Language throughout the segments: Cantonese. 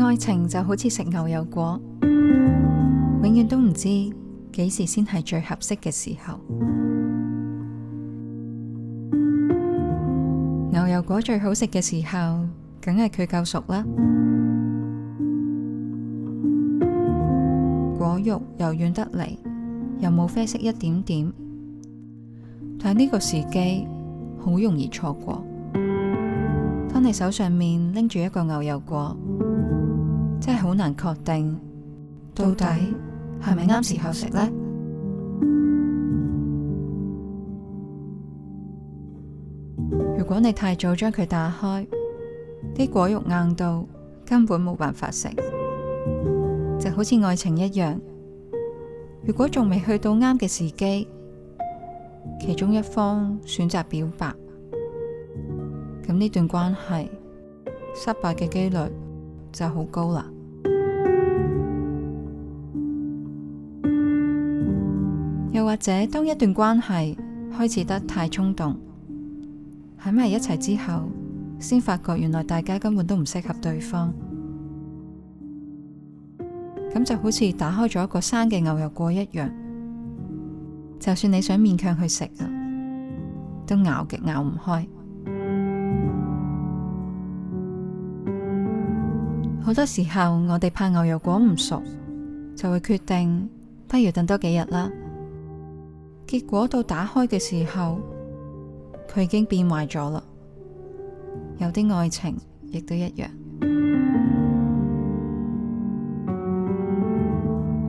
愛情就好似食牛油果，永遠都唔知幾時先係最合適嘅時候。牛油果最好食嘅時候，梗係佢夠熟啦，果肉又軟得嚟，又冇啡色一點點，但呢個時機好容易錯過。當你手上面拎住一個牛油果，真係好難確定到底係咪啱時候食呢？如果你太早將佢打開，啲果肉硬到根本冇辦法食，就好似愛情一樣。如果仲未去到啱嘅時機，其中一方選擇表白，咁呢段關係失敗嘅幾率就好高啦。又或者，當一段關係開始得太衝動，喺埋一齊之後，先發覺原來大家根本都唔適合對方，咁就好似打開咗一個生嘅牛油果一樣，就算你想勉強去食啊，都咬極咬唔開。好多時候，我哋怕牛油果唔熟，就會決定不如等多幾日啦。結果到打開嘅時候，佢已經變壞咗啦。有啲愛情亦都一樣，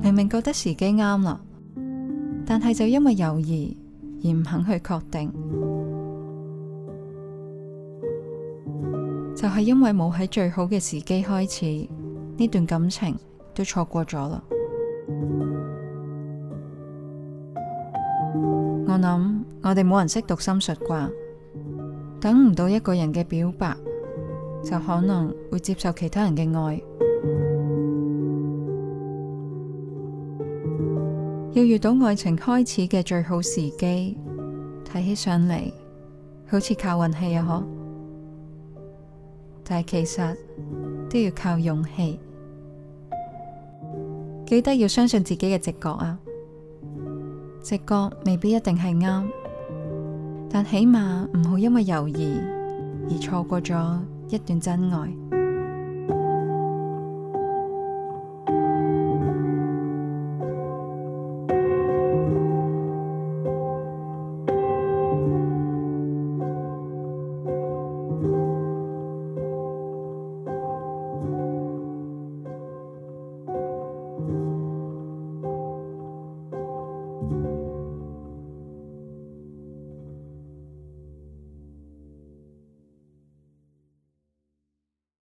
明明覺得時機啱啦，但係就因為猶豫而唔肯去確定。就係因為冇喺最好嘅時機開始呢段感情，都錯過咗啦。我諗我哋冇人識讀心術啩，等唔到一個人嘅表白，就可能會接受其他人嘅愛。要遇到愛情開始嘅最好時機，睇起上嚟好似靠運氣啊！嗬。但其實都要靠勇氣，記得要相信自己嘅直覺啊！直覺未必一定係啱，但起碼唔好因為猶豫而錯過咗一段真愛。